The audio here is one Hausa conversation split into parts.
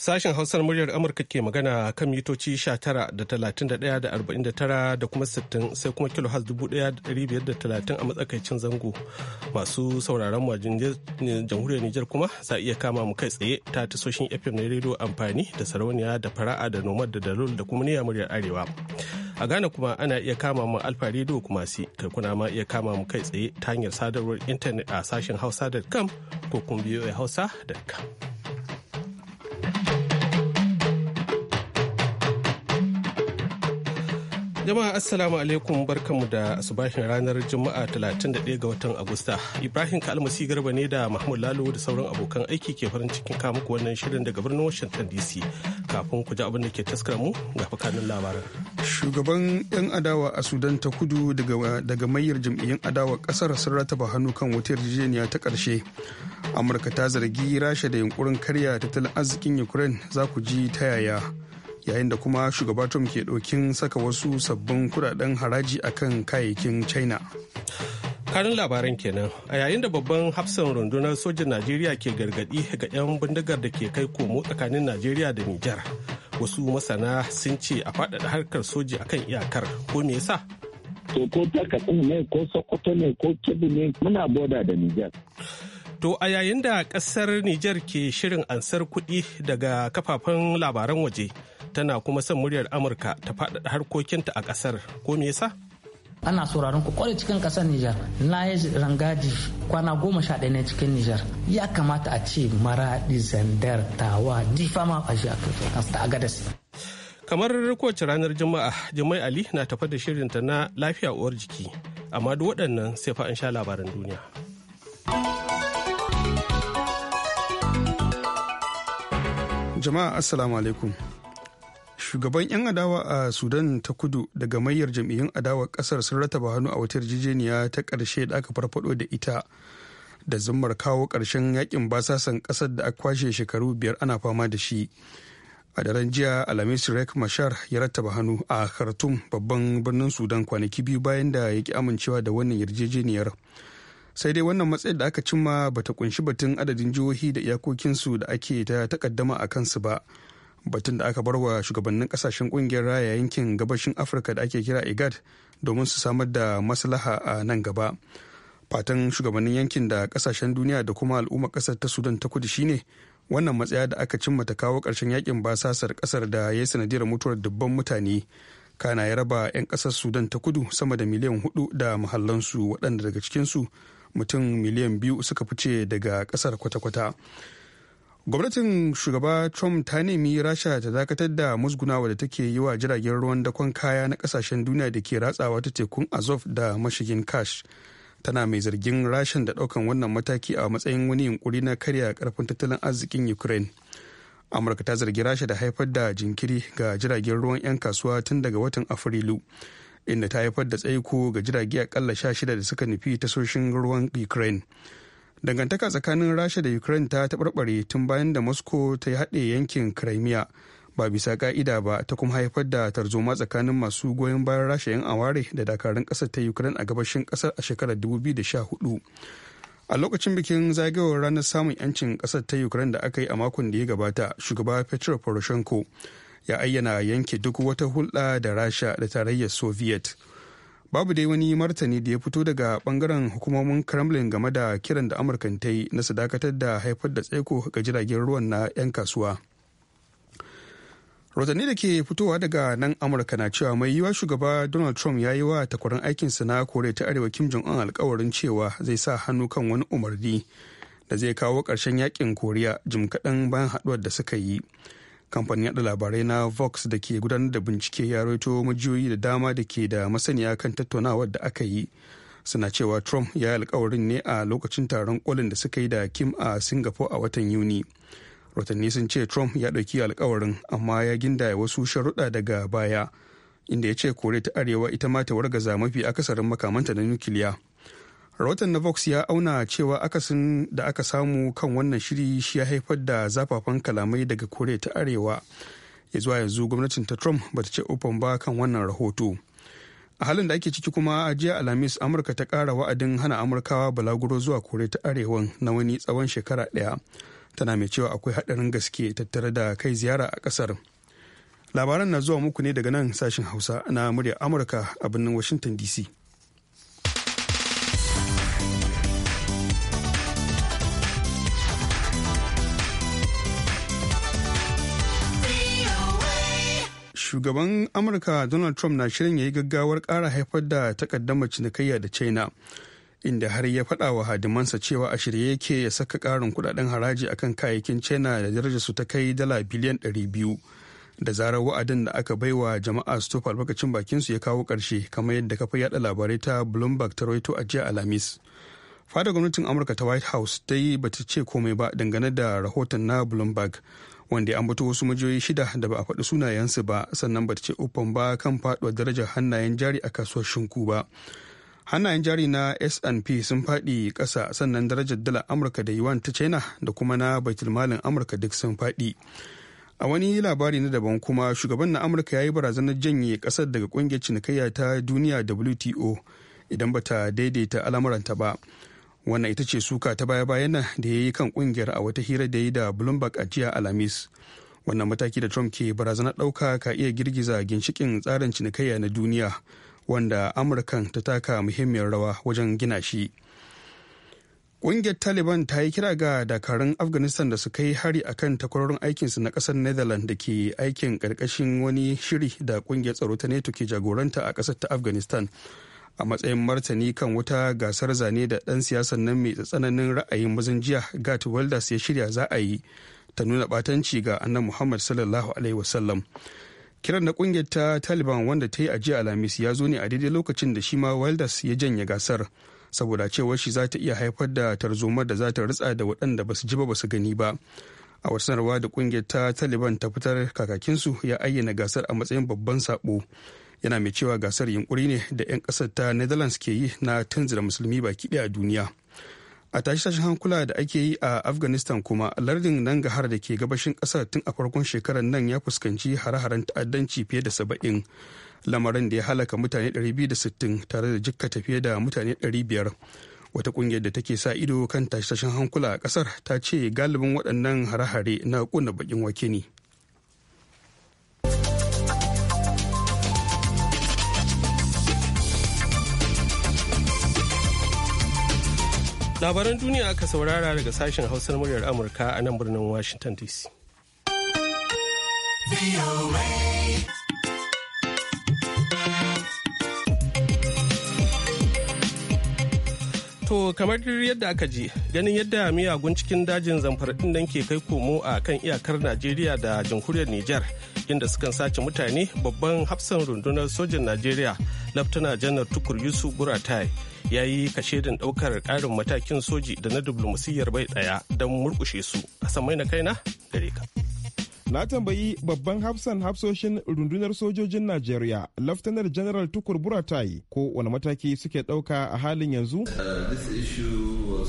Sashen Hausar muryar Amurka ke magana kan mitoci 19 da 31 da 49 da kuma 60 sai kuma kilo has 1530 a matsakaicin zango. Masu sauraron wajen jamhuriyar Nijar kuma za iya kama mu kai tsaye ta tasoshin FM na rediyo amfani da sarauniya da fara'a da nomad da dalol da kuma niyyar muryar Arewa. A Ghana kuma ana iya kama mu Alfa rediyo kuma si kai kuna ma iya kama mu kai tsaye ta hanyar sadarwar intanet a sashen hausa.com ko kuma hausa.com. Thank you. Jama'a Assalamu alaikum barkanmu da asubahin ranar Juma'a 31 ga watan Agusta. Ibrahim Kalmasi Garba ne da Mahmud Lalo da sauran abokan aiki ke farin cikin muku wannan shirin daga birnin Washington DC. Kafin ku ji abin da ke taskar mu ga fakanin labaran. Shugaban 'yan adawa a Sudan ta kudu daga, daga mayar jam'iyyun adawa kasar sun rataba hannu kan wata yarjejeniya ta karshe Amurka ta zargi Rasha da yunkurin karya tattalin arzikin Ukraine za ku ji ta yaya. yayin da kuma shugaba trump ke ɗokin saka wasu sabbin kudaden haraji akan kayayyakin china karin labaran kenan a yayin da babban hafsan rundunar sojin najeriya ke gargadi ga 'yan bindigar da ke kai komo tsakanin najeriya da nijar wasu masana sun ce a faɗaɗa harkar soji akan iyakar ko me yasa to ko takatsin ne ko sokoto ne ko kebbi ne muna boda da nijar To a yayin da ƙasar Nijar ke shirin ansar kuɗi daga kafafen labaran waje, tana kuma son muryar amurka ta faɗaɗa harkokinta a ƙasar ko me yasa ana sauraron ku kwarai cikin ƙasar Nijar na yi rangaji kwana goma sha ɗaya cikin Nijar ya kamata a ce maraɗi zandar tawa difama a shi a gadas. Kamar kowace ranar Juma'a, Jumai Ali na tafa da shirinta na lafiya uwar jiki, amma duk waɗannan sai fa sha labaran duniya. Jama'a Assalamu alaikum. shugaban 'yan adawa a sudan ta kudu daga mayar jam'iyyun adawa kasar sun rataba hannu a wata yarjejeniya ta karshe da aka farfado da ita da zummar kawo ƙarshen yakin basasan kasar da aka kwashe shekaru biyar ana fama da shi a daren jiya alhamis rek mashar ya rataba hannu a khartoum babban birnin sudan kwanaki biyu bayan da ya ki amincewa da wannan yarjejeniyar sai dai wannan matsayin da aka cimma bata kunshi batun adadin jihohi da iyakokinsu da ake ta takaddama a kansu ba batun da aka bar wa shugabannin kasashen kungiyar raya yankin gabashin afirka da ake kira igad domin su samar da maslaha a nan gaba fatan shugabannin yankin da kasashen duniya da kuma al'ummar kasar ta sudan ta kudu shine wannan matsaya da aka cimma ta kawo ƙarshen yakin basasar kasar da ya yi sanadiyar mutuwar dubban mutane kana ya raba 'yan kasar sudan ta kudu sama da miliyan hudu da mahallansu waɗanda daga cikinsu mutum miliyan biyu suka fice daga kasar kwata-kwata gwamnatin shugaba trump ta nemi rasha ta dakatar da musgunawa da take yi wa jiragen ruwan dakon kaya na kasashen duniya da ke ratsawa ta tekun azov da mashigin kash tana mai zargin rashin da daukan wannan mataki a matsayin wani yunkuri na karya karfin tattalin arzikin ukraine amurka ta zargi rasha da haifar da jinkiri ga jiragen ruwan 'yan kasuwa tun daga watan afrilu inda ta haifar da tsaiko ga jirage akalla 16 da suka nufi tasoshin ruwan ukraine dangantaka tsakanin rasha da ukraine ta taɓarɓare tun bayan da moscow ta yi haɗe yankin crimea ba bisa ka'ida ba ta kuma haifar da tarzoma tsakanin masu goyon bayan rasha yan aware da dakarun ƙasar ta ukraine a gabashin ƙasar a shekarar 2014 a lokacin bikin zagayowar ranar samun yancin ƙasar ta ukraine da aka yi a makon da ya gabata shugaba petro poroshenko ya ayyana yanke duk wata hulɗa da rasha da tarayyar soviet babu dai wani martani da ya fito daga bangaren hukumomin kremlin game da kiran da amurka ta yi na sadakatar da haifar da tsaiko ga jiragen ruwan na 'yan kasuwa rotanni da ke fitowa daga nan amurka na cewa mai yiwa shugaba donald trump ya yi wa takwarar aikinsa na kore ta arewa kim jong un alkawarin cewa zai sa hannu kan wani umarni da zai kawo ƙarshen yakin koriya jim kaɗan bayan haɗuwar da suka yi kamfanin yada labarai na vox da ke gudanar da bincike ya raito majiyoyi da dama da ke da masaniya kan tattaunawar da aka yi suna cewa trump ya yi alkawarin ne a lokacin taron kolin da suka yi da kim a singapore a watan yuni rotanni sun ce trump ya ɗauki alkawarin amma ya gindaya wasu sharuɗa daga baya inda ya ce kore ta arewa ita ma ta wargaza mafi akasarin makamanta na nukiliya rahoton na vox ya auna cewa akasin da aka samu kan wannan shiri shi ya haifar da zafafan kalamai daga kore ta arewa ya zuwa yanzu gwamnatin ta trump ba ta ce open ba kan wannan rahoto a halin da ake ciki kuma a jiya alhamis amurka ta kara wa'adin hana amurkawa balaguro zuwa kore ta arewan na wani tsawon shekara ɗaya tana mai cewa akwai haɗarin gaske tattare da kai ziyara a ƙasar labaran na zuwa muku ne daga nan sashen hausa na murya amurka a birnin washington dc shugaban amurka donald trump na shirin ya yi gaggawar kara haifar da takaddama cinikayya da china inda har ya faɗa wa hadimansa cewa a shirye yake ya saka karin kudaden haraji akan kayayyakin china da darajar su ta kai dala biliyan 200 da zarar wa'adin da aka baiwa jama'a su tofa albarkacin bakin ya kawo karshe kamar yadda kafa yada labarai ta bloomberg ta roito a jiya alhamis fada gwamnatin amurka ta white house ta yi bata ce komai ba dangane da rahoton na bloomberg wanda ya ambato wasu majiyoyi shida da ba a faɗi sunayensu ba sannan ba ta ce uffan ba kan faɗuwar darajar hannayen jari a kasuwar shinku ba hannayen jari na snp sun faɗi ƙasa sannan darajar dala Amurka da yuan ta China da kuma na baitulmalin Amurka duk sun faɗi. A wani labari na daban kuma shugaban na Amurka ya yi barazanar janye ƙasar daga ƙungiyar cinikayya ta duniya WTO idan ba ta daidaita al'amuranta ba. wannan ita ce suka ta baya-bayan nan da ya yi kan kungiyar a wata hira da ya yi da bloomberg a jiya alhamis wannan mataki da trump ke barazanar ɗauka ka iya girgiza ginshikin tsarin cinikayya na duniya wanda amurkan ta taka muhimmiyar rawa wajen gina shi ƙungiyar taliban ta yi kira ga dakarun afghanistan da su kai hari a kan takwarorin aikinsu na ƙasar netherlands da ke aikin ƙarƙashin wani shiri da ƙungiyar tsaro ta neto ke jagoranta a ƙasar ta afghanistan a matsayin martani kan wata gasar zane da ɗan siyasan nan mai tsananin ra'ayin mazan jiya gat welders ya shirya za a yi ta nuna ɓatanci ga annan muhammad sallallahu alaihi wasallam kiran na kungiyar ta taliban wanda ta yi a jiya alhamis ya zo ne a daidai lokacin da shi ma welders ya janye gasar saboda cewar shi za ta iya haifar da tarzomar da za ta ritsa da waɗanda ba su ji ba ba su gani ba a wata sanarwa da kungiyar ta taliban ta fitar kakakinsu ya ayyana gasar a matsayin babban saɓo. yana mai cewa gasar yunkuri ne da 'yan kasar ta netherlands ke yi na tunzura musulmi baki daya a duniya a tashi tashin hankula da ake yi a afghanistan kuma lardin nan har da ke gabashin kasar tun a farkon shekarar nan ya fuskanci hare-haren ta'addanci fiye da saba'in lamarin da ya halaka mutane 260 tare da jikkata fiye da mutane 500 wata kungiyar da take sa ido kan tashe-tashen hankula a kasar ta ce galibin waɗannan hare-hare na kunna bakin wake ne labaran duniya aka saurara daga sashen hausar muryar amurka a nan birnin washington dc To kamar yadda aka ji ganin yadda miyagun cikin dajin zamfara din nan ke kai komo a kan iyakar Najeriya da jamhuriyar Nijar inda sukan sace mutane babban hafsan rundunar sojin Najeriya Laftana Janar Tukur Yusuf Buratai ya yi din ɗaukar karin matakin soji da na diflomasiyyar bai ɗaya don murkushe su. a samai na kaina gare ka. Na tambayi babban hafsan hafsoshin rundunar sojojin Najeriya, Laftanar General Tukur Buratai, ko wani mataki suke ɗauka a halin yanzu? Uh,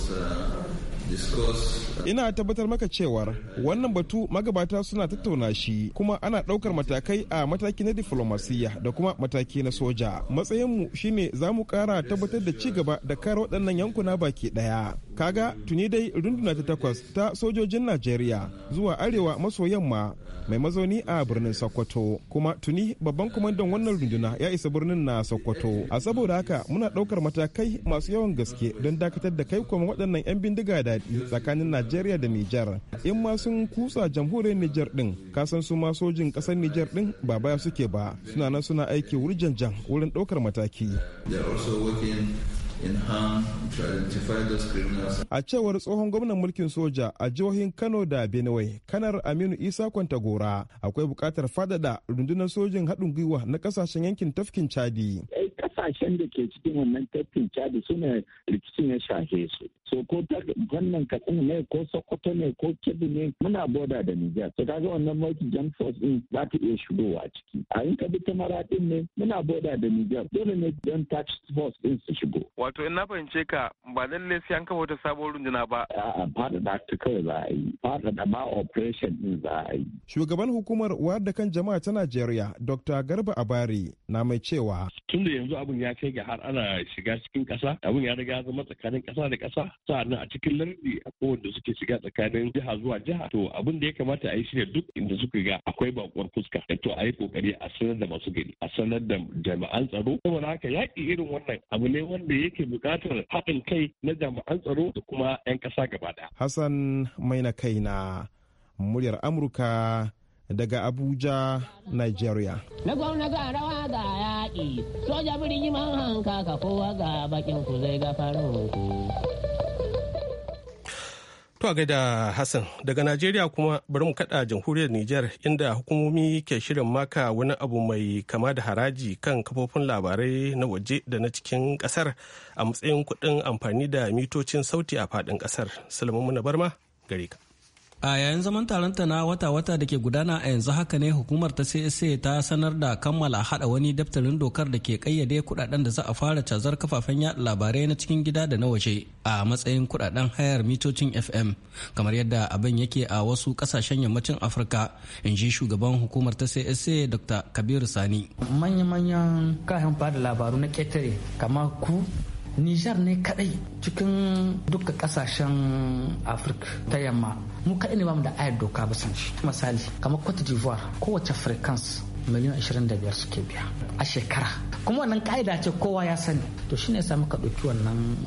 Ina tabbatar maka cewar wannan batu magabata suna tattauna shi kuma ana ɗaukar matakai a mataki na diflomasiyya da kuma mataki na soja. Matsayinmu shine za mu ƙara tabbatar da ci gaba da kare waɗannan yankuna baki ɗaya. Kaga tuni dai runduna ta takwas ta sojojin Najeriya zuwa arewa maso yamma mai mazauni a birnin Sokoto. Kuma tuni babban kwamandan wannan runduna ya isa birnin na Sokoto. A saboda haka muna ɗaukar matakai masu yawan gaske don dakatar da kai kuma waɗannan 'yan bindiga da daɗi tsakanin Najeriya da Nijar. In ma sun kusa jamhuriyar Nijar din kasan su ma sojin ƙasar Nijar ɗin ba baya suke ba, suna nan suna aiki wurin jan wurin ɗaukar mataki. A cewar tsohon gwamnan mulkin soja a jihohin Kano da Benue, kanar Aminu Isa Kwantagora, akwai bukatar fadada rundunar sojin haɗin gwiwa na kasashen yankin tafkin Chadi. Kasashen eh, da ke cikin wannan tafkin Chadi suna rikicin ya shahe su. so ko fannin katsina ne ko sokoto ne ko kebbi ne muna boda da nijar so kaga wannan multi jump force din za ta iya shigowa ciki a in ka bi ta maraɗin ne muna boda da nijar dole ne don tax force din su shigo wato in na fahimce ka ba lalle sai an kafa wata sabon runduna ba a'a da ta kawai za a yi da ma operation din za a yi shugaban hukumar wayar da kan jama'a ta najeriya dr garba abari na mai cewa tun da yanzu abin ya kai ga har ana shiga cikin ƙasa abin ya riga zama tsakanin ƙasa da ƙasa sa'annan a cikin lardi a kowanne suke shiga tsakanin jiha zuwa jiha to abin da ya kamata a yi shine duk inda suka ga akwai bakuwar fuska to a yi kokari a sanar da masu gari a sanar da jami'an tsaro saboda haka yaƙi irin wannan abu ne wanda yake buƙatar haɗin kai na jami'an tsaro da kuma 'yan ƙasa gaba ɗaya. Hassan maina kai na muryar Amurka daga Abuja, Nigeria. Na gwamna ga rawa ga yaƙi, soja birni man hanka ka kowa ga bakin ku zai gafarin ku. To a gaida Hassan daga Najeriya kuma bari mu kada jamhuriyar Nijar inda hukumomi ke shirin maka wani abu mai kama da haraji kan kafofin labarai na waje da na cikin kasar a matsayin kuɗin amfani da mitocin sauti a faɗin kasar. Salamu Muna Barma gare ka. a yayin zaman taronta na wata-wata da ke gudana a yanzu haka ne hukumar ta csa ta sanar da kammala hada wani daftarin dokar da ke kayyade kudaden da za a fara cazar kafafen yada labarai na cikin gida da na waje a matsayin kudaden hayar mitocin fm kamar yadda abin yake a wasu kasashen yammacin afirka in ji shugaban hukumar ta csa dr kabiru sani manya-manyan kayan fada labaru na ketare kamar ku nijar ne kadai cikin duka kasashen afirka ta yamma mu kaɗai ne bamu da ayar doka ba san shi misali kamar cote d'ivoire kowace frequency miliyan 25 suke biya a shekara kuma wannan ka'ida ce kowa ya sani to shine yasa ka ɗauki wannan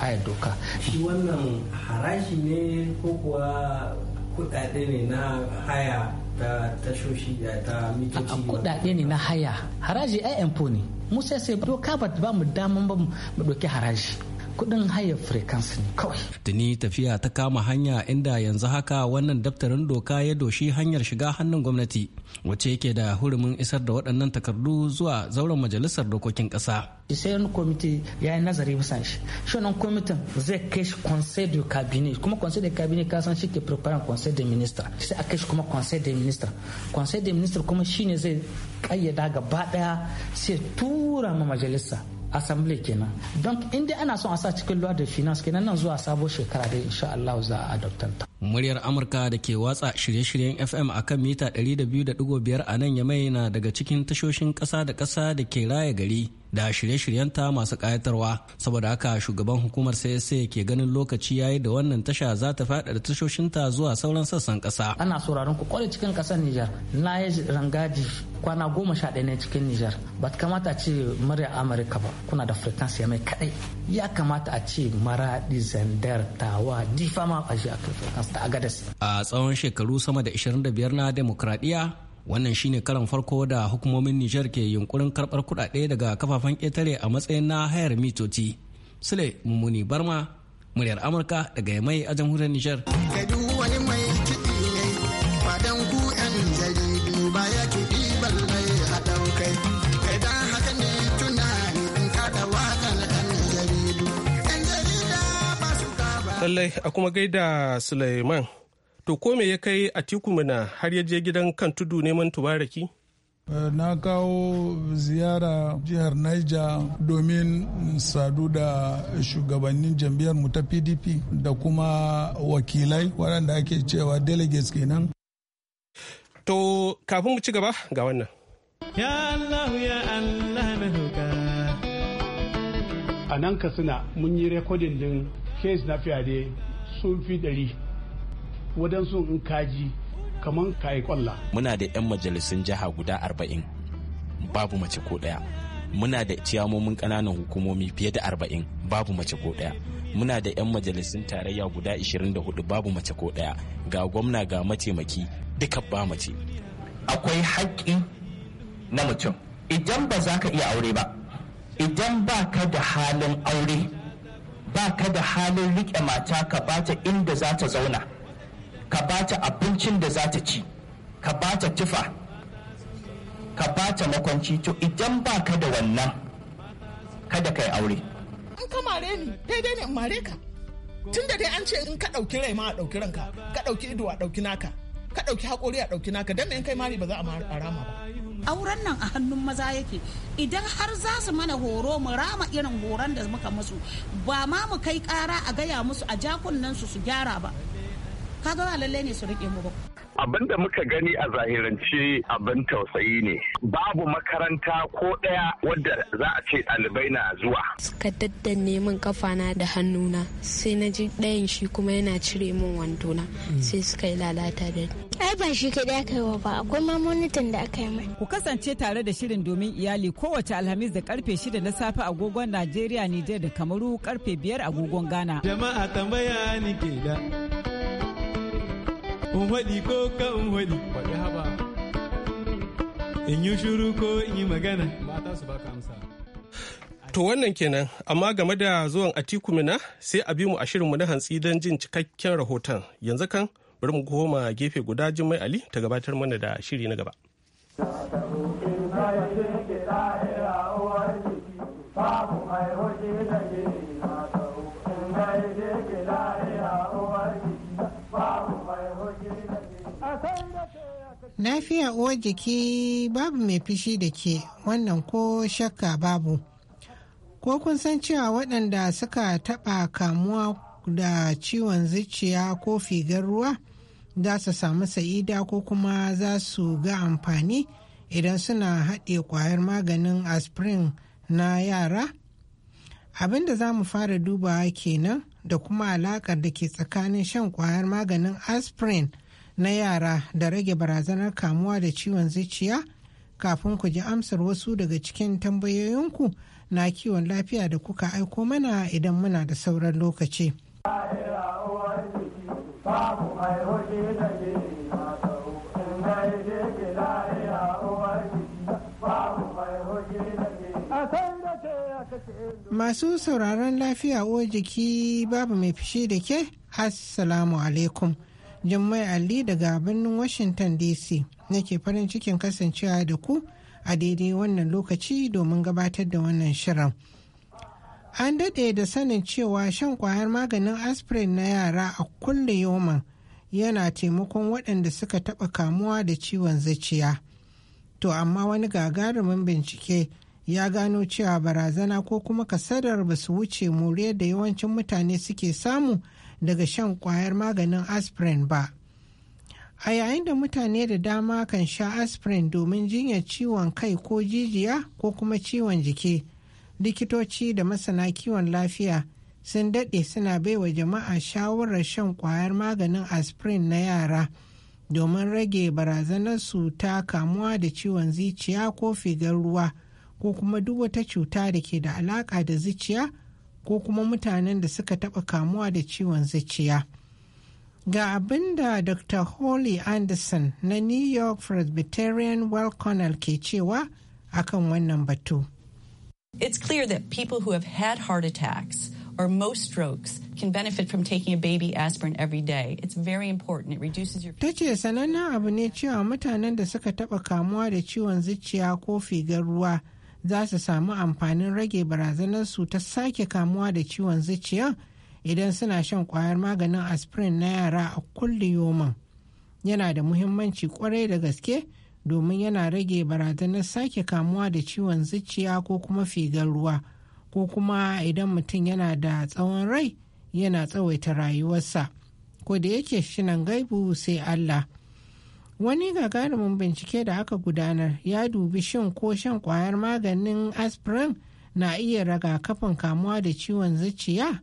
ayar doka shi wannan harashi ne ko kuwa kuɗaɗe ne na haya ta tashoshi ta mitoci a kuɗaɗe ne na haya haraji ai ne mu sai sai doka ba mu daman ba mu ɗauki haraji kudin haya frequency ne kawai tuni tafiya ta kama hanya inda yanzu haka wannan daftarin doka ya doshi hanyar shiga hannun gwamnati wacce yake da hurumin isar da waɗannan takardu zuwa zauren majalisar dokokin ƙasa sai wani kwamiti ya yi nazari bisa shi shi kwamitin zai kai shi conseil du cabinet kuma conseil du cabinet ka san shi ke preparing conseil de minister sai a kai shi kuma conseil de minister. conseil de minister kuma shine zai kayyada gaba daya sai tura ma majalisa assembly kenan don inda ana son a sa cikin luwa da finance kenan nan zuwa sabo shekara dai insha Allah za a adoptan ta muryar amurka da ke watsa shirye-shiryen fm a kan mita 200.5 a nan yamai na daga cikin tashoshin kasa da kasa da ke raya gari da shirye-shiryenta masu kayatarwa saboda haka shugaban hukumar sai ke ganin lokaci yayi da wannan tasha za ta da tashoshinta zuwa sauran sassan kasa ana sauraron ku kwarai cikin kasar Nijar na yi rangaji kwana goma sha ɗaya ne cikin Nijar ba ta kamata a ce murya Amurka ba kuna da frequency mai kaɗai ya kamata a ce maraɗi zandar tawa difama a shi a ta a tsawon shekaru sama da 25 na demokradiyya wannan shine karan farko da hukumomin nijar ke yunkurin karbar kudade daga kafafen ƙetare a matsayin na hayar mitoci sule mummuni barma muryar amurka daga mai a jamhuriyar nijar lallai a kuma gaida suleiman To ko me ya kai Atiku muna har ya je gidan kan tudu neman tubaraki? Eh, na kawo ziyara jihar niger domin sadu da shugabannin jam'iyyar mu ta pdp da kuma wakilai waɗanda ake cewa delegates kenan to kafin mu ci gaba ga wannan ya allah ya allah na roƙa a nan ka suna mun yi rekodin din kes na fiyade sun fi ɗari wadansu in kaji kaman kayi kwalla muna da 'yan majalisun jiha guda arba'in babu mace ko ɗaya muna da ciyamomin ƙananan hukumomi fiye da arba'in babu mace ko ɗaya muna da 'yan majalisun tarayya guda 24 babu mace ko ɗaya ga gwamna ga mataimaki duka ba mace akwai haƙƙi na mutum idan ba za ka iya aure ba idan ba ka da halin aure ba ka da halin riƙe mata ka bata inda za ta zauna ka bata abincin da za ta ci ka bata tufa ka bata makwanci to idan ba ka da wannan kada ka yi aure an ka mare ni daidai ne in mare ka tun da dai an ce in ka ɗauki rai ma a ɗauki ranka ka ɗauki ido a ɗauki naka ka ɗauki haƙori a ɗauki naka dan in kai mari ba za a rama ba auren nan a hannun maza yake idan har za su mana horo mu rama irin horon da muka musu ba ma mu kai kara a gaya musu a jakunan su su gyara ba ka ba lallai ne su rike mu ba abin da muka gani a zahirance abin tausayi ne babu makaranta ko ɗaya wadda za a ce ɗalibai na zuwa suka neman min kafana da hannuna sai na ji ɗayan shi kuma yana cire min wandona sai suka yi lalata da ni ai ba shi kaɗai aka yi wa ba akwai mamonitan da aka yi mai ku kasance tare da shirin domin iyali kowace alhamis da karfe shida na safe agogon najeriya nijar da kamaru karfe biyar agogon ghana jama'a tambaya ni ke da in waɗi ko kan waɗi waɗi haba in yi shuru ko in yi magana mata su baka amsa To wannan kenan, amma game da zuwan Atiku Mina sai a bi mu a shirinmu na hantsi don jin cikakken rahoton. Yanzu kan bari mu koma gefe guda jimai Ali ta gabatar mana da shiri na gaba. Babu Lafiya uwar jiki babu mai fishi da ke wannan ko shakka babu. Ko kun san cewa waɗanda suka taɓa kamuwa da ciwon zuciya ko figar ruwa za su samu sa'ida ko kuma za su ga amfani idan suna haɗe ƙwayar maganin aspirin na yara? Abinda za mu fara dubawa kenan da kuma alaƙar da ke tsakanin shan ƙwayar maganin aspirin. na yara da rage barazanar kamuwa da ciwon zuciya kafin ku ji amsar wasu daga cikin tambayoyinku na kiwon lafiya da kuka aiko mana idan muna da sauran lokaci. Masu sauraron lafiya uwar jiki babu mai fishi da ke, Assalamu alaikum. Jummai Ali daga birnin Washington DC nake farin cikin kasancewa da ku a daidai wannan lokaci domin gabatar da wannan shirin. An daɗe da sanin cewa shan kwayar maganin aspirin na yara a kulle yoman yana taimakon waɗanda suka taɓa kamuwa da ciwon zuciya. To amma wani gagarumin bincike ya gano cewa barazana ko kuma kasadar ba su wuce moriyar da yawancin mutane suke samu daga shan kwayar maganin aspirin ba a yayin da mutane da dama kan sha aspirin domin jinyar ciwon kai ko jijiya ko kuma ciwon jiki likitoci da masana kiwon lafiya sun daɗe suna baiwa jama'a shawarar shan kwayar maganin aspirin na yara domin rage barazanar su ta kamuwa da ciwon zuciya ko figar ruwa ko kuma duk wata cuta da ke da alaƙa da zuciya ko kuma mutanen da suka taba kamuwa da ciwon zuciya. Ga abin da Dr. Holly Anderson na New York Presbyterian Connell ke cewa akan wannan batu. It's clear that people who have had heart attacks or most strokes can benefit from taking a baby aspirin every day. It's very important. It reduces your. Ta ce sanannen abu ne cewa mutanen da suka taɓa kamuwa da ciwon zuciya ko figar ruwa za su samu amfanin rage barazanar su ta sake kamuwa da ciwon zuciya idan suna shan kwayar maganin aspirin na yara a kulle yoman yana da muhimmanci kwarai da gaske domin yana rage barazanar sake kamuwa da ciwon zuciya ko kuma figar ruwa ko kuma idan mutum yana da tsawon rai yana tsawaita rayuwarsa ko da yake shinan gaibu sai allah wani gagarumin bincike da aka gudanar ya dubi shin ko shan kwayar maganin aspirin na iya kafin kamuwa da ciwon zuciya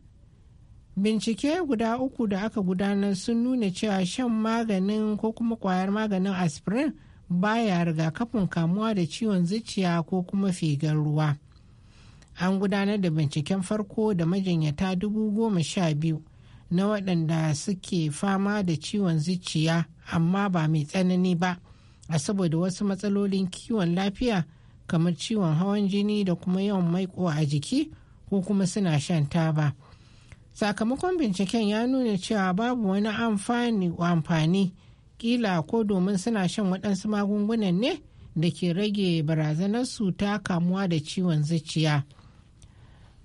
bincike guda uku da aka gudanar sun nuna cewa shan maganin ko kuma kwayar maganin aspirin baya rigakafin kamuwa da ciwon zuciya ko kuma figar ruwa an gudanar da binciken farko da majinyata dubu goma sha biyu na waɗanda suke fama da ciwon zuciya amma ba mai tsanani ba a saboda wasu matsalolin kiwon lafiya kamar ciwon hawan jini da kuma yawan maiko a jiki ko kuma suna shan taba sakamakon binciken ya nuna cewa babu wani amfani amfani kila ko domin suna shan waɗansu magungunan ne da ke rage barazanar su ta kamuwa da ciwon zuciya.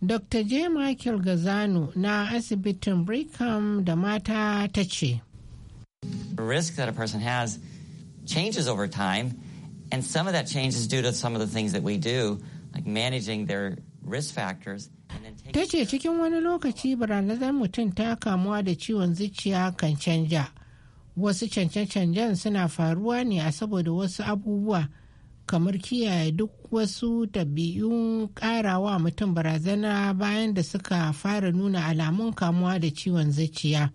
dr j michael gazano na asibitin brigham da mata ta ce risk that a person has changes over time and some of that changes due to some of the things that we do like managing their risk factors ta ce cikin wani lokaci baranazar mutum ta kamuwa da ciwon zuciya kan canja wasu canje-canjen suna faruwa ne a saboda wasu abubuwa kamar kiyaye duk wasu tabi'un karawa mutum barazana bayan da suka fara nuna alamun kamuwa da ciwon zaciya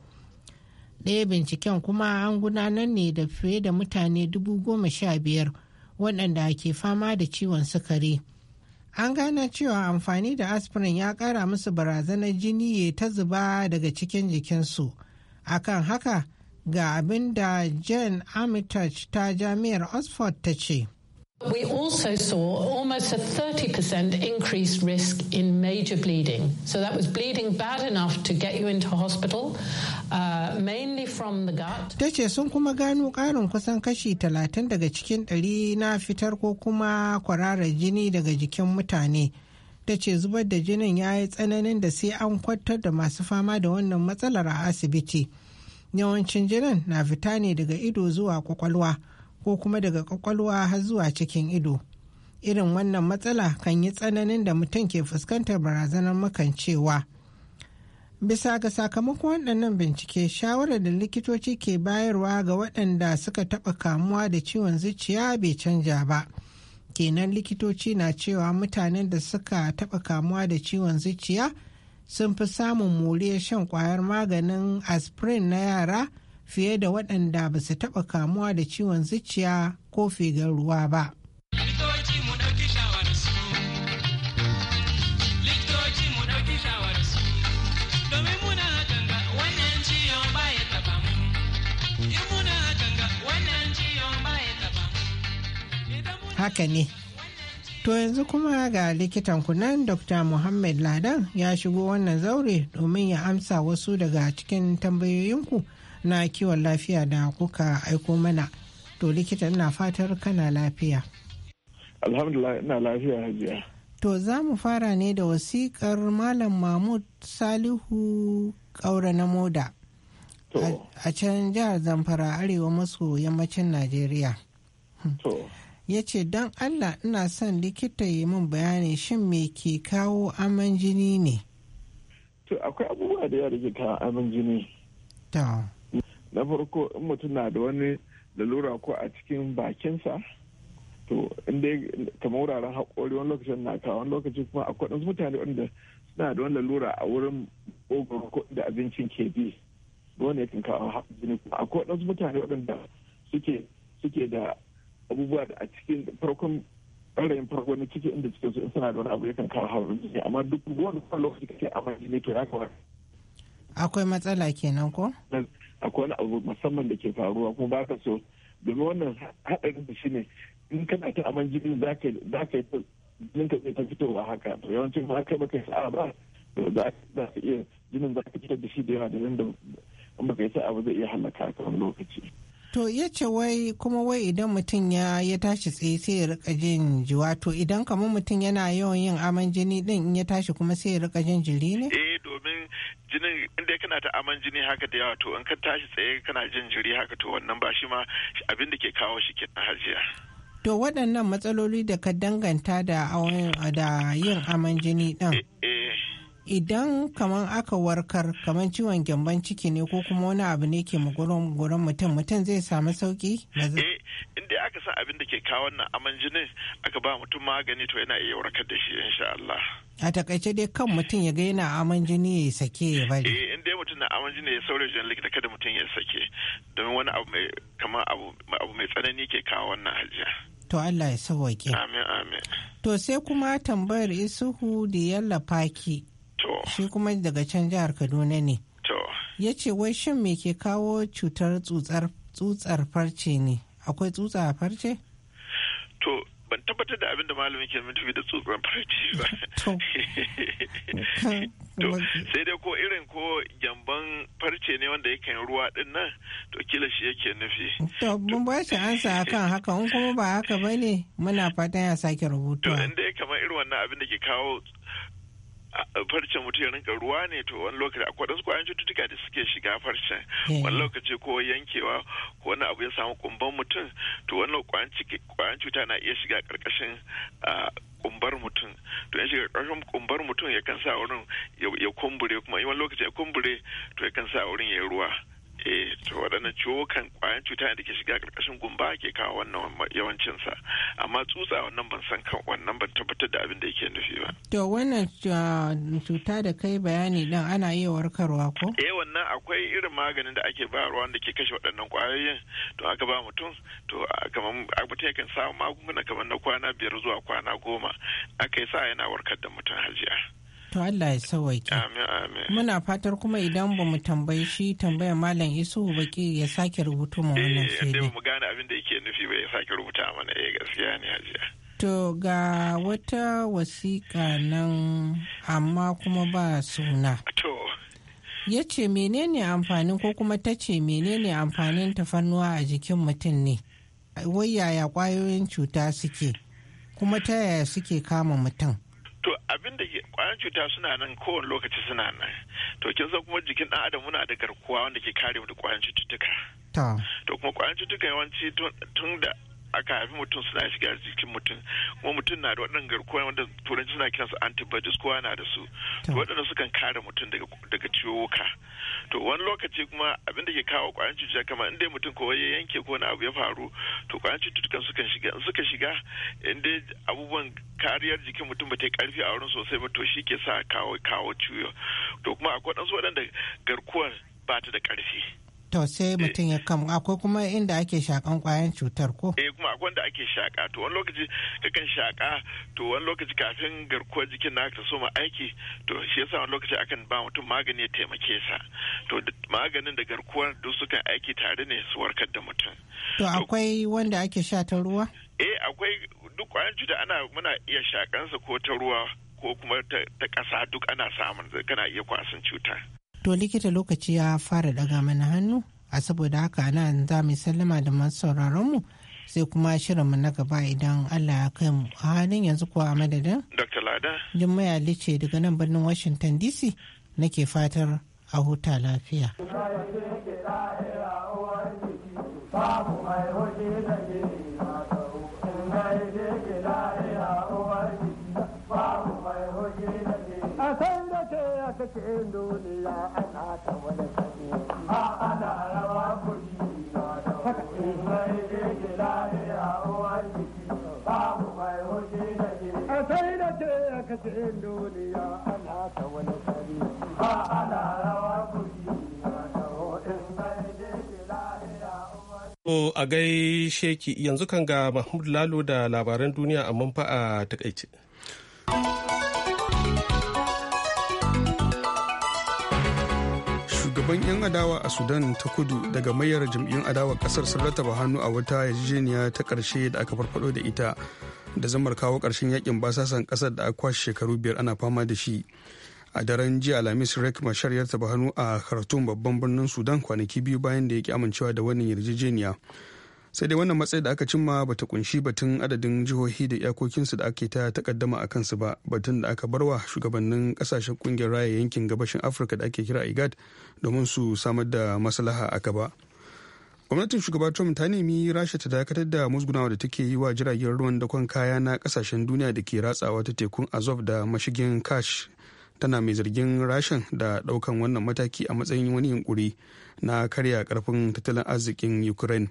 ɗaya binciken kuma an gudanar ne da fiye da mutane dubu goma sha biyar waɗanda ke fama da ciwon sukari an gane cewa amfani da aspirin ya ƙara musu barazanar jini ya ta zuba daga cikin jikinsu akan haka ga abin da jane armitage ta jami'ar oxford ta ce We also saw almost a 30% increased risk in major bleeding. So that was bleeding bad enough to get you into hospital, uh, mainly from the gut. Ta ce sun kuma gano ƙarin kusan kashi 30 daga cikin 100 na fitar ko kuma kwararar jini daga jikin mutane. Ta ce zubar da jinin ya yi tsananin da sai an kwantar da masu fama da wannan matsalar a asibiti. Yawancin jinin na fita ne daga ido zuwa kwakwalwa. ko kuma daga kwakwalwa har zuwa cikin ido irin wannan matsala kan yi tsananin da mutum ke fuskantar barazanar makancewa bisa ga sakamakon waɗannan bincike shawarar da likitoci ke bayarwa ga waɗanda suka taɓa kamuwa da ciwon zuciya bai canja ba kenan likitoci na cewa mutanen da suka taɓa kamuwa da ciwon zuciya sun fi samun moriyar shan ƙwayar maganin aspirin na yara fiye da waɗanda ba su taɓa kamuwa da ciwon zuciya ko figar ruwa ba. Haka ne. To yanzu kuma ga likitan kunan Dr. Muhammad Ladan ya shigo wannan zaure domin ya amsa wasu daga cikin tambayoyinku. na kiwon lafiya da kuka aiko mana to likita ina fatar kana lafiya alhamdulillah ina lafiya hajiya to za mu fara ne da wasikar malam mahmud salihu kaura na moda a can jihar zamfara arewa maso yammacin najeriya hmm. ya ce don allah ina son likita yi min bayani shin me ke kawo aman jini ne to akwai abubuwa da ya rikita aman jini na farko in mutum na da wani lalura ko a cikin bakinsa to inda kamar wuraren haƙori wani lokacin na kawo wani lokacin kuma akwai ɗansu mutane wanda suna da wani lalura a wurin ogon ko da abincin ke bi wanda yakan kawo jini kuma akwai ɗansu mutane waɗanda suke suke da abubuwa da a cikin farkon ɓarayin farko na ciki inda cikin su suna da wani abu yakan kawo hawan jini amma duk wani kwan lokaci kake amma jini to ya kamata. akwai matsala kenan ko? akwai wani abu musamman da ke faruwa kuma ba ka so domin wannan haɗarin da shi ne in kana ta aman jini za ka yi ka ta fitowa haka to yawancin ma kai baka yi sa'a ba za ka iya jinin za ka fitar da shi da yawa da yanda in baka yi sa'a ba zai iya halaka ka wani lokaci. To ya ce wai kuma wai idan mutum ya ya tashi tsaye sai ya rika jin jiwa to idan kamar mutum yana yawan yin aman jini din in ya tashi kuma sai ya rika jin jiri ne? Eh domin jinin inda kana ta aman jini haka da yawa to in ka tashi tsaye kana jin jiri haka to wannan ba shi ma abin da ke kawo shi kenan hajiya to waɗannan matsaloli da ka danganta da da yin aman jini ɗin eh, eh. idan kamar aka warkar kamar ciwon gyamban ciki ne ko kuma wani abu ne ke gurin mutum mutum zai samu sauki eh, inda aka san abin da ke kawo wannan aman jinin aka ba mutum magani to yana iya warkar da shi insha Allah a takaice dai kan mutum ya ga yana aman jini ya sake ya bari eh in dai mutum na aman jini ya saurayi jini likita kada mutum ya sake domin wani abu mai kamar abu mai tsanani ke kawo wannan hajiya to Allah ya sauwaƙe amin amin to sai kuma tambayar isuhu da yalla faki to shi kuma daga can jihar Kaduna ne to ya ce wai shin me ke kawo cutar tsutsar tsutsar farce ne akwai tsutsa a farce to ban tabbatar da abin da malamin ke nufi da tsohon farci ba to sai dai ko irin ko gyamban farce ne wanda ya yake ruwa din nan to kila shi yake nufi to mun ba shi ansa kan haka in kuma ba haka ba ne? muna fatan ya sake rubutu to inda ya kama irin wannan abin da ke kawo farcen mutum ya rinka ruwa ne to wani lokaci akwai wasu kwayan cututtuka da suke shiga farcen wani lokaci ko yankewa ko wani abu ya samu kumban mutum to wani kwayan cuta na iya shiga karkashin kumbar mutum to yan shiga karkashin kumbar mutum ya kan sa wurin ya kumbure kuma wani lokaci ya kumbure to ya kan sa wurin ya yi ruwa Eh, waɗannan ciwokan ƙwayan cuta da ke shiga ƙarƙashin gumba ke kawo wannan yawancinsa amma tsutsa wannan ban san kan wannan ban tabbatar da abin da yake nufi ba. to wannan ah, cuta da kai bayani dan ana iya warkarwa ko? eh wannan akwai irin maganin da ake ba ruwan da ke kashe waɗannan ƙwayoyin to aka ba mutum to ah, kamar mutum yakan samu magunguna kamar na kwana biyar zuwa kwana goma aka yi sa yana warkar da mutum hajiya. To Allah ya sawaike. Muna fatar kuma idan ba mu tambayi shi tambaya Malam Isu baki ya sake rubutu mu wannan fili. Eh, mu gane abin da yake nufi ba ya sake rubuta mana eh gaskiya ne hajiya. To ga wata wasiƙa nan amma kuma ba suna. To. Ya ce menene amfanin ko kuma ta ce menene amfanin tafarnuwa a jikin mutum ne? Wai yaya kwayoyin cuta suke? Kuma ta yaya suke kama mutum? abin da kwayan cuta suna nan kowane lokaci suna nan to kin san kuma jikin dan adam muna da garkuwa wanda ke kare mu da kwayan cututtuka to kuma kwayan cututtuka yawanci tun da aka haifi mutum suna shiga jikin mutum kuma mutum na da waɗannan garkuwa wanda turanci suna kiransu antibodies kowa na da su to waɗanda sukan kare mutum daga ciwuka to wani lokaci kuma abin da ke kawo ƙwayan cuta kamar inda mutum ko ya yanke ko wani abu ya faru to ƙwayan cututtukan sukan shiga suka shiga dai abubuwan kariyar jikin mutum ba ta yi ƙarfi a wurin sosai ba to shi ke sa kawo kawo ciwo to kuma akwai waɗansu waɗanda garkuwar ba ta da ƙarfi to sai eh. mutum ya kam akwai kuma inda ake shakan kwayan cutar ko eh kuma akwai wanda ake shaka to wani lokaci kakan shaka to wani lokaci kafin garkuwar jikin na ta soma aiki to shi yasa wani lokaci akan ba mutum magani ya taimake sa to maganin da garkuwar duk sukan aiki tare ne su warkar da mutum to akwai wanda ake sha ta ruwa eh akwai duk kwayan cuta ana muna iya shakansa ko ta ruwa ko kuma ta ƙasa duk ana samun kana iya kwasan cutar. to likita lokaci ya fara daga mana hannu a saboda haka nan za mu sallama da masu mu sai kuma mu na gaba idan allah ya kai mu a halin yanzu kuwa a madadin dr lada jimmaya lice daga nan birnin washington dc nake fatar a huta lafiya babu mai wajen da duniya ana a ana rawa a gai sheki yanzu kan ga Mahmud Lalo da labaran duniya amma fa a takaice. shugaban 'yan adawa a sudan ta kudu daga mayar jam'iyyun adawa kasar sun rataba hannu a wata yarjejeniya ta karshe da aka farfado da ita da zamar kawo karshen yakin basasan kasar da aka kwashe shekaru biyar ana fama da shi a daren jiya alhamis rek mashar ya taba hannu a khartoum babban birnin sudan kwanaki biyu bayan da ya ki amincewa da wannan yarjejeniya sai dai wannan matsayi da aka cimma bata kunshi batun adadin jihohi da iyakokinsu da ake ta takaddama a kansu ba batun da aka barwa shugabannin kasashen kungiyar raya yankin gabashin afirka da ake kira igad domin su samar da maslaha aka ba gwamnatin shugaba trump ta nemi rasha ta dakatar da musgunawa da take yi wa jiragen ruwan dakon kaya na kasashen duniya da ke ratsawa ta tekun azov da mashigin kash tana mai zargin rashin da daukan wannan mataki a matsayin wani yunkuri na karya karfin tattalin arzikin ukraine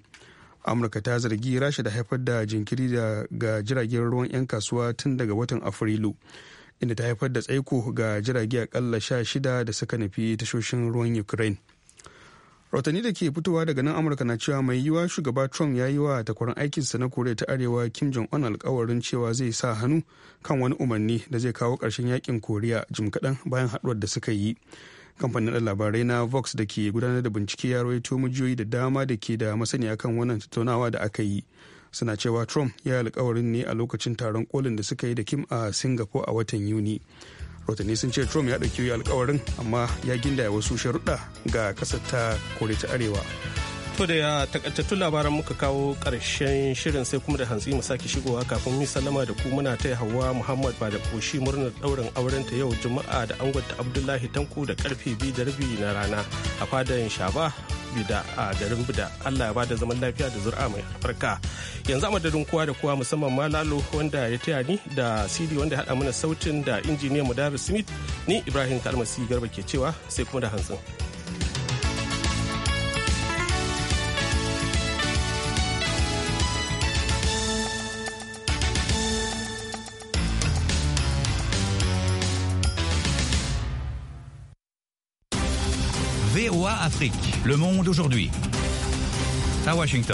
amurka ta zargi rasha da haifar da jinkiri ga jiragen ruwan 'yan kasuwa tun daga watan afrilu inda ta haifar da tsaiko ga jirage akalla sha shida da suka nufi tashoshin ruwan ukraine rautani da ke fitowa daga nan amurka na cewa mai yiwa shugaba trump ya yi wa takwarar aikinsa na koriya ta arewa kim jong un alkawarin cewa zai sa hannu kan wani umarni da zai kawo karshen yakin koriya jim kaɗan bayan haɗuwar da suka yi kamfanin labarai na vox da ke gudanar da bincike ya rawaito mujiyoyi da dama da ke da masaniya kan wannan tattaunawa da aka yi suna cewa trump ya yi alkawarin ne a lokacin taron kolin da suka yi da kim a singapore a watan yuni rotani sun ce trump ya ɗauki alkawarin amma ya gindaya wasu sharuɗa ga ƙasar ta kore ta arewa To da ya takaitattun labaran muka kawo ƙarshen shirin sai kuma da hantsi mu sake shigowa kafin mu sallama da ku muna ta hawa Muhammad ba da koshi murnar daurin aurenta yau Juma'a da ta Abdullahi Tanko da karfe biyu da rabi na rana a fadan Shaba bida a garin buda Allah ya bada zaman lafiya da zuri'a mai farka yanzu amadadin kowa da kowa musamman ma Lalo wanda ya taya ni da CD wanda hada mana sautin da injiniyan Mudaris Smith ni Ibrahim Kalmasi Garba ke cewa sai kuma da hantsin. Afrique. Le monde aujourd'hui. À Washington.